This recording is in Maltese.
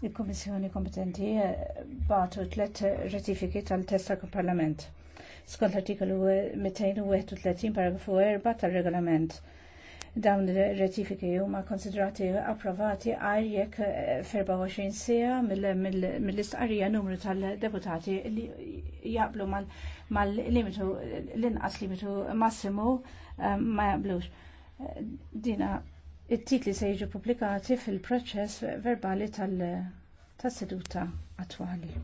Il-Komissjoni kompetenti eh, batu tlet ratifiki tal-testa parlament skont l-artikolu 231 paragrafu 4 tal-regolament. Dawn ratifiki huma konsiderati approvati għal jekk 24 eh, sija mill-istqarrija numru tal-deputati li jaqblu mal-limitu l-inqas limitu massimu eh, ma jaqblux. Dina it-titli se jiġu pubblikati fil-proċess verbali tal-seduta attwali.